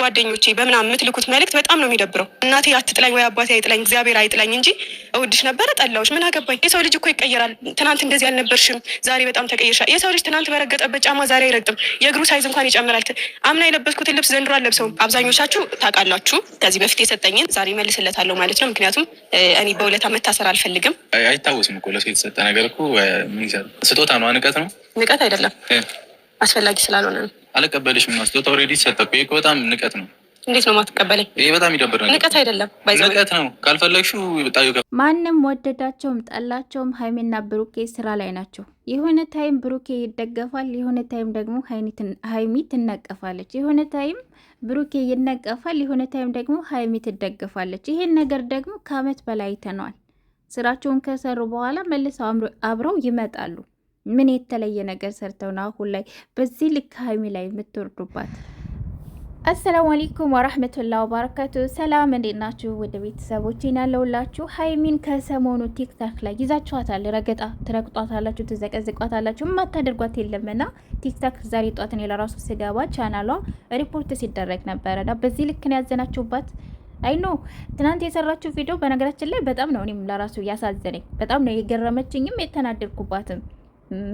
በጓደኞቼ በምናምን የምትልኩት መልእክት በጣም ነው የሚደብረው። እናቴ አትጥላኝ ወይ አባቴ አይጥላኝ እግዚአብሔር አይጥላኝ እንጂ እውድሽ ነበረ ጠላዎች ምን አገባኝ። የሰው ልጅ እኮ ይቀየራል። ትናንት እንደዚህ አልነበርሽም፣ ዛሬ በጣም ተቀይርሻል። የሰው ልጅ ትናንት በረገጠበት ጫማ ዛሬ አይረግጥም። የእግሩ ሳይዝ እንኳን ይጨምራል። አምና የለበስኩትን ልብስ ዘንድሮ አለብሰውም አብዛኞቻችሁ ታውቃላችሁ። ከዚህ በፊት የሰጠኝን ዛሬ መልስለታለሁ ማለት ነው። ምክንያቱም እኔ በሁለት ዓመት ታሰር አልፈልግም። አይታወስም እኮ ለሰው የተሰጠ ነገር እኮ ስጦታ ነው፣ ንቀት ነው። ንቀት አይደለም፣ አስፈላጊ ስላልሆነ ነው። አልቀበልሽም። ማስታወት ኦልሬዲ ሰጠ እኮ ይህ በጣም ንቀት ነው። እንዴት ነው ማትቀበለኝ? ይሄ በጣም ይደብር ነው። ንቀት አይደለም ንቀት ነው። ካልፈለግሽው ማንም ወደዳቸውም ጠላቸውም ሀይሚና ብሩኬ ስራ ላይ ናቸው። የሆነ ታይም ብሩኬ ይደገፋል፣ የሆነ ታይም ደግሞ ሀይሚ ትነቀፋለች። የሆነ ታይም ብሩኬ ይነቀፋል፣ የሆነ ታይም ደግሞ ሀይሚ ትደገፋለች። ይሄን ነገር ደግሞ ከአመት በላይ ተነዋል። ስራቸውን ከሰሩ በኋላ መልሰው አብረው ይመጣሉ። ምን የተለየ ነገር ሰርተው ነው አሁን ላይ በዚህ ልክ ሀይሚ ላይ የምትወርዱባት? አሰላሙ አለይኩም ወራህመቱላ ወባረካቱ። ሰላም እንዴት ናችሁ? ወደ ቤተሰቦች ያለውላችሁ ሀይሚን ከሰሞኑ ቲክታክ ላይ ይዛችኋታል፣ ረገጣ ትረግጧታላችሁ፣ ትዘቀዝቋታላችሁ። የማታደርጓት የለምና ቲክታክ ዛሬ ጧትን ለራሱ ስገባ ቻናሏ ሪፖርት ሲደረግ ነበረና በዚህ ልክ ነው ያዘናችሁባት። አይ ኖ ትናንት የሰራችሁ ቪዲዮ በነገራችን ላይ በጣም ነው እኔም ለራሱ ያሳዘነኝ፣ በጣም ነው የገረመችኝም የተናደድኩባትም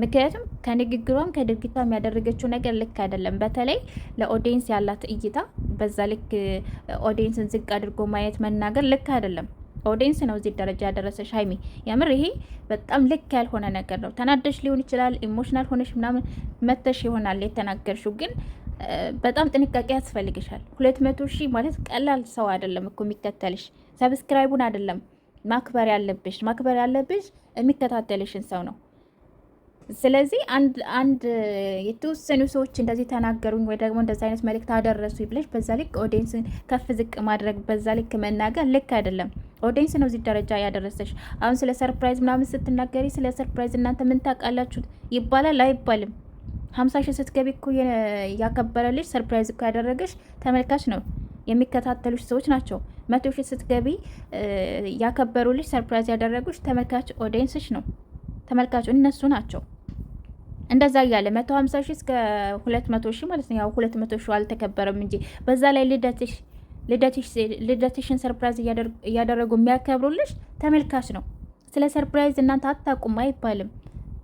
ምክንያቱም ከንግግሯም ከድርጊቷ የሚያደረገችው ነገር ልክ አይደለም። በተለይ ለኦዲየንስ ያላት እይታ በዛ ልክ ኦዲየንስን ዝቅ አድርጎ ማየት መናገር ልክ አይደለም። ኦዲየንስ ነው እዚህ ደረጃ ያደረሰሽ ሀይሚ። የምር ይሄ በጣም ልክ ያልሆነ ነገር ነው። ተናደሽ ሊሆን ይችላል፣ ኢሞሽናል ሆነሽ ምናምን መተሽ ይሆናል የተናገርሽው ግን በጣም ጥንቃቄ ያስፈልግሻል። ሁለት መቶ ሺህ ማለት ቀላል ሰው አይደለም እኮ የሚከተልሽ። ሰብስክራይቡን አይደለም ማክበር ያለብሽ፣ ማክበር ያለብሽ የሚከታተልሽን ሰው ነው። ስለዚህ አንድ አንድ የተወሰኑ ሰዎች እንደዚህ ተናገሩኝ ወይ ደግሞ እንደዚህ አይነት መልእክት አደረሱ ብለሽ በዛ ልክ ኦዲንስን ከፍ ዝቅ ማድረግ በዛ ልክ መናገር ልክ አይደለም። ኦዲንስ ነው እዚህ ደረጃ ያደረሰሽ። አሁን ስለ ሰርፕራይዝ ምናምን ስትናገሪ ስለ ሰርፕራይዝ እናንተ ምን ታውቃላችሁ ይባላል አይባልም። ሀምሳ ሺህ ስትገቢ እኮ ያከበረልሽ ሰርፕራይዝ እኮ ያደረገሽ ተመልካች ነው የሚከታተሉሽ ሰዎች ናቸው። መቶ ሺህ ስትገቢ ያከበሩልሽ ሰርፕራይዝ ያደረጉሽ ተመልካች ኦዲንስሽ ነው ተመልካቹ እነሱ ናቸው። እንደዛ እያለ መቶ ሀምሳ ሺህ እስከ ሁለት መቶ ሺህ ማለት ነው። ያው ሁለት መቶ ሺህ አልተከበረም እንጂ በዛ ላይ ልደትሽ ልደትሽን ሰርፕራይዝ እያደረጉ የሚያከብሩልሽ ተመልካች ነው። ስለ ሰርፕራይዝ እናንተ አታውቁም አይባልም።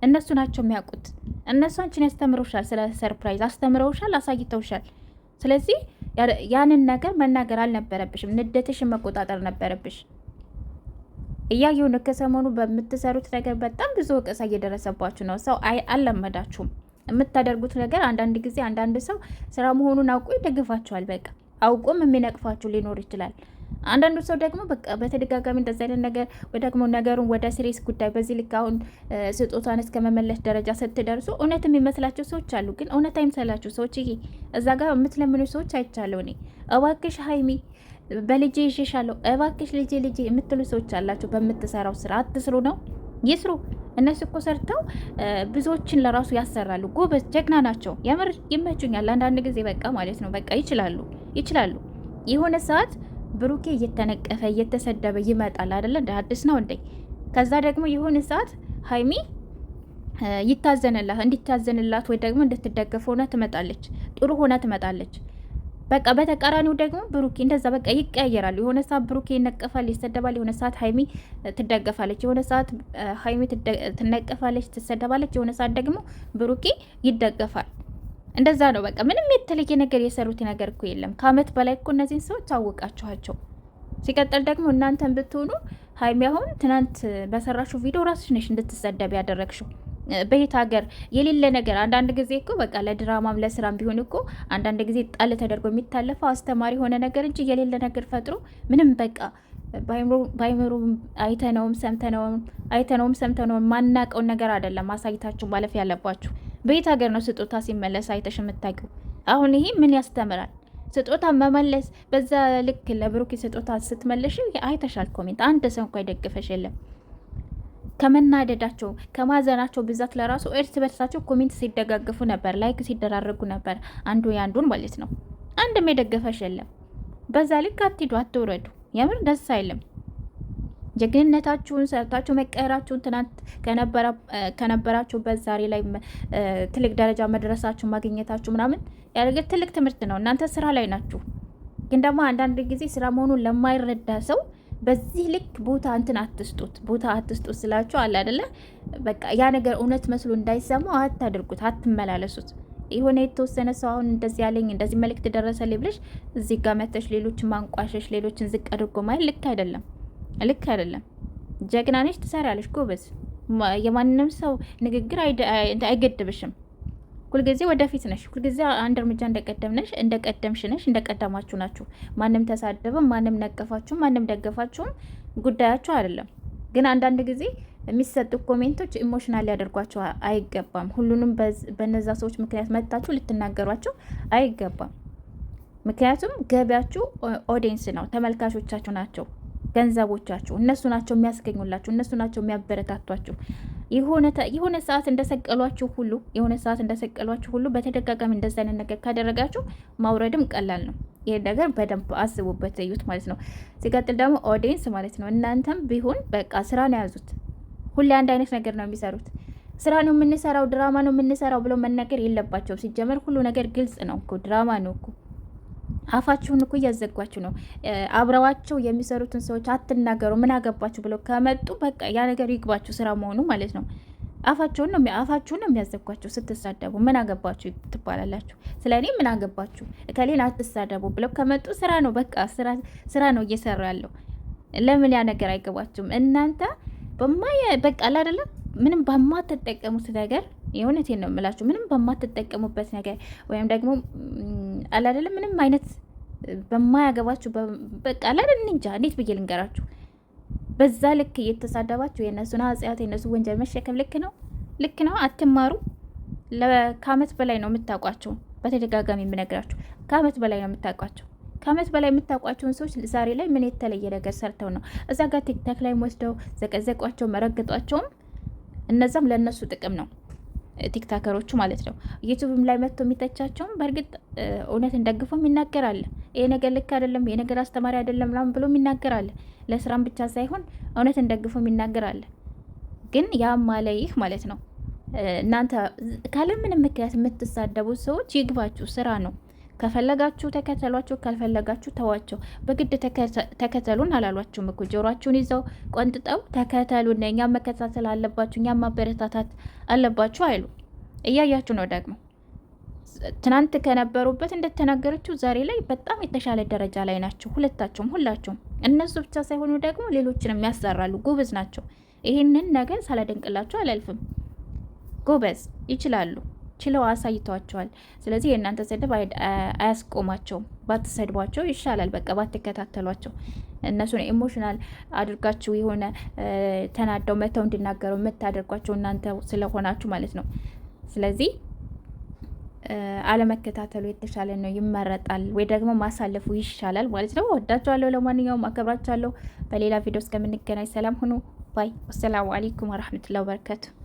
እነሱ ናቸው የሚያውቁት። እነሱ አንቺን ያስተምረውሻል፣ ስለ ሰርፕራይዝ አስተምረውሻል፣ አሳይተውሻል። ስለዚህ ያንን ነገር መናገር አልነበረብሽም። ንደትሽን መቆጣጠር ነበረብሽ። እያየሁ ነው። ከሰሞኑ በምትሰሩት ነገር በጣም ብዙ ወቀሳ እየደረሰባችሁ ነው። ሰው አልለመዳችሁም የምታደርጉት ነገር። አንዳንድ ጊዜ አንዳንድ ሰው ስራ መሆኑን አውቆ ይደግፋችኋል። በቃ አውቆም የሚነቅፋችሁ ሊኖር ይችላል። አንዳንዱ ሰው ደግሞ በቃ በተደጋጋሚ እንደዚህ አይነት ነገር ወይ ደግሞ ነገሩን ወደ ስሬስ ጉዳይ በዚህ ልክ አሁን ስጦታን እስከ መመለስ ደረጃ ስትደርሱ እውነት የሚመስላቸው ሰዎች አሉ። ግን እውነት አይምሰላችሁ ሰዎች። ይሄ እዛ ጋር የምትለምኑ ሰዎች አይቻለሁ እኔ እባክሽ ሀይሚ በልጄ ይሸሻለሁ፣ እባክሽ ልጄ ልጄ የምትሉ ሰዎች አላቸው። በምትሰራው ስራ አትስሩ ነው ይስሩ። እነሱ እኮ ሰርተው ብዙዎችን ለራሱ ያሰራሉ። ጎበዝ ጀግና ናቸው። የምር ይመቹኛል። አንዳንድ ጊዜ በቃ ማለት ነው በቃ ይችላሉ ይችላሉ። የሆነ ሰዓት ብሩኬ እየተነቀፈ እየተሰደበ ይመጣል አይደለ? እንደ አዲስ ነው እንዴ? ከዛ ደግሞ የሆነ ሰዓት ሀይሚ ይታዘንላት እንዲታዘንላት ወይ ደግሞ እንድትደገፍ ሆና ትመጣለች። ጥሩ ሆና ትመጣለች። በቃ በተቃራኒው ደግሞ ብሩኬ እንደዛ በቃ ይቀያየራሉ። የሆነ ሰዓት ብሩኬ ይነቀፋል፣ ይሰደባል። የሆነ ሰዓት ሀይሚ ትደገፋለች፣ የሆነ ሰዓት ሀይሚ ትነቀፋለች፣ ትሰደባለች። የሆነ ሰዓት ደግሞ ብሩኬ ይደገፋል። እንደዛ ነው በቃ ምንም የተለየ ነገር የሰሩት ነገር እኮ የለም። ከአመት በላይ እኮ እነዚህን ሰዎች አወቃችኋቸው። ሲቀጥል ደግሞ እናንተን ብትሆኑ ሀይሚ አሁን ትናንት በሰራሽው ቪዲዮ ራስሽ ነሽ እንድትሰደብ ያደረግሽው በየት ሀገር የሌለ ነገር አንዳንድ ጊዜ እኮ በቃ ለድራማም ለስራም ቢሆን እኮ አንዳንድ ጊዜ ጣል ተደርጎ የሚታለፈው አስተማሪ የሆነ ነገር እንጂ የሌለ ነገር ፈጥሮ ምንም በቃ ባይምሩም አይተነውም ሰምተነውም አይተነውም ሰምተነውም ማናቀውን ነገር አይደለም አሳይታችሁ ማለፍ ያለባችሁ። በየት ሀገር ነው ስጦታ ሲመለስ አይተሽ የምታውቂው? አሁን ይሄ ምን ያስተምራል? ስጦታ መመለስ በዛ ልክ ለብሩክ ስጦታ ስትመለሽ አይተሻል። ኮሜንት አንድ ሰው እንኳ ይደግፈሽ የለም። ከመናደዳቸው ከማዘናቸው ብዛት ለራሱ እርስ በርሳቸው ኮሜንት ሲደጋግፉ ነበር፣ ላይክ ሲደራረጉ ነበር፣ አንዱ የአንዱን ማለት ነው። አንድም የደገፈሽ የለም። በዛ ልክ አትሂዱ፣ አትውረዱ። የምር ደስ አይልም። ጀግንነታችሁን ሰርታችሁ መቀየራችሁን ትናንት ከነበራችሁበት ዛሬ ላይ ትልቅ ደረጃ መድረሳችሁ ማግኘታችሁ ምናምን ያደርገ ትልቅ ትምህርት ነው። እናንተ ስራ ላይ ናችሁ፣ ግን ደግሞ አንዳንድ ጊዜ ስራ መሆኑን ለማይረዳ ሰው በዚህ ልክ ቦታ እንትን አትስጡት፣ ቦታ አትስጡት ስላችሁ አለ አደለ፣ በቃ ያ ነገር እውነት መስሎ እንዳይሰማው አታድርጉት፣ አትመላለሱት። የሆነ የተወሰነ ሰው አሁን እንደዚህ ያለኝ እንደዚህ መልእክት ደረሰልኝ ብለሽ እዚህ ጋር መተሽ ሌሎችን ማንቋሸሽ፣ ሌሎችን ዝቅ አድርጎ ማየት ልክ አይደለም፣ ልክ አይደለም። ጀግና ነሽ፣ ትሰሪያለሽ፣ ጎበዝ። የማንም ሰው ንግግር አይገድብሽም። ሁልጊዜ ወደፊት ነሽ፣ ሁልጊዜ አንድ እርምጃ እንደቀደም ነሽ፣ እንደቀደምሽ ነሽ፣ እንደቀደማችሁ ናችሁ። ማንም ተሳደበ፣ ማንም ነቀፋችሁ፣ ማንም ደገፋችሁም ጉዳያችሁ አይደለም። ግን አንዳንድ ጊዜ የሚሰጡ ኮሜንቶች ኢሞሽናል ሊያደርጓቸው አይገባም። ሁሉንም በነዛ ሰዎች ምክንያት መጥታችሁ ልትናገሯቸው አይገባም። ምክንያቱም ገቢያችሁ ኦዲየንስ ነው፣ ተመልካቾቻችሁ ናቸው፣ ገንዘቦቻችሁ እነሱ ናቸው የሚያስገኙላችሁ፣ እነሱ ናቸው የሚያበረታቷችሁ። የሆነ ሰዓት እንደሰቀሏችሁ ሁሉ የሆነ ሰዓት እንደሰቀሏችሁ ሁሉ በተደጋጋሚ እንደዛ አይነት ነገር ካደረጋችሁ ማውረድም ቀላል ነው። ይሄን ነገር በደንብ አስቡበት፣ እዩት ማለት ነው። ሲቀጥል ደግሞ ኦዲየንስ ማለት ነው። እናንተም ቢሆን በቃ ስራ ነው የያዙት። ሁሌ አንድ አይነት ነገር ነው የሚሰሩት። ስራ ነው የምንሰራው፣ ድራማ ነው የምንሰራው ብሎ መናገር የለባቸውም። ሲጀመር ሁሉ ነገር ግልጽ ነው እኮ ድራማ ነው እኮ አፋችሁን እኮ እያዘጓችሁ ነው። አብረዋቸው የሚሰሩትን ሰዎች አትናገሩ፣ ምን አገባችሁ ብለው ከመጡ በቃ ያ ነገር ይግባችሁ ስራ መሆኑ ማለት ነው። አፋቸውን ነው አፋችሁን ነው የሚያዘጓችሁ። ስትሳደቡ ምን አገባችሁ ትባላላችሁ። ስለ እኔ ምን አገባችሁ ከሌን አትሳደቡ ብለው ከመጡ ስራ ነው በቃ ስራ ነው እየሰራ ያለው። ለምን ያ ነገር አይገባችሁም እናንተ በማ በቃ አላደለም ምንም በማትጠቀሙት ነገር የእውነቴን ነው የምላችሁ። ምንም በማትጠቀሙበት ነገር ወይም ደግሞ አላደለም ምንም አይነት በማያገባችሁ በቃ አላደል እንጃ እንዴት ብዬ ልንገራችሁ። በዛ ልክ እየተሳደባችሁ የእነሱን ኃጢአት የእነሱ ወንጀል መሸከም ልክ ነው ልክ ነው። አትማሩ። ከአመት በላይ ነው የምታውቋቸው። በተደጋጋሚ የምነግራችሁ ከአመት በላይ ነው የምታውቋቸው። ከአመት በላይ የምታውቋቸውን ሰዎች ዛሬ ላይ ምን የተለየ ነገር ሰርተው ነው እዛ ጋር ቲክታክ ላይ ወስደው ዘቀዘቋቸው መረግጧቸውም እነዛም ለእነሱ ጥቅም ነው። ቲክታከሮቹ ማለት ነው። ዩቱብም ላይ መጥቶ የሚተቻቸውም በእርግጥ እውነት እንደግፎ ይናገራል። ይሄ ነገር ልክ አይደለም፣ ይሄ ነገር አስተማሪ አይደለም ምናምን ብሎ ይናገራል። ለስራም ብቻ ሳይሆን እውነት እንደግፎ ይናገራል። ግን ያም ማለ ይህ ማለት ነው። እናንተ ካለምንም ምክንያት የምትሳደቡ ሰዎች ይግባችሁ፣ ስራ ነው። ከፈለጋችሁ ተከተሏቸው፣ ካልፈለጋችሁ ተዋቸው። በግድ ተከተሉን አላሏችሁም እኮ ጆሯችሁን ይዘው ቆንጥጠው ተከተሉን፣ እኛም መከታተል አለባችሁ፣ እኛም ማበረታታት አለባችሁ አይሉ። እያያችሁ ነው ደግሞ ትናንት ከነበሩበት እንደተናገረችው ዛሬ ላይ በጣም የተሻለ ደረጃ ላይ ናቸው ሁለታቸውም፣ ሁላቸውም። እነሱ ብቻ ሳይሆኑ ደግሞ ሌሎችንም ያሰራሉ። ጎበዝ ናቸው። ይህንን ነገር ሳላደንቅላቸው አላልፍም። ጎበዝ ይችላሉ። ችለው አሳይቷቸዋል። ስለዚህ የእናንተ ስድብ አያስቆማቸውም። ባትሰድቧቸው ይሻላል። በቃ ባትከታተሏቸው። እነሱን ኢሞሽናል አድርጋችሁ የሆነ ተናደው መተው እንድናገረው የምታደርጓቸው እናንተ ስለሆናችሁ ማለት ነው። ስለዚህ አለመከታተሉ የተሻለ ነው፣ ይመረጣል። ወይ ደግሞ ማሳለፉ ይሻላል ማለት ነው። ወዳችኋለሁ። ለማንኛውም አከብራችኋለሁ። በሌላ ቪዲዮ እስከምንገናኝ ሰላም ሁኑ ባይ። ወሰላሙ አሌይኩም ወረህመቱላሂ ወበረካቱ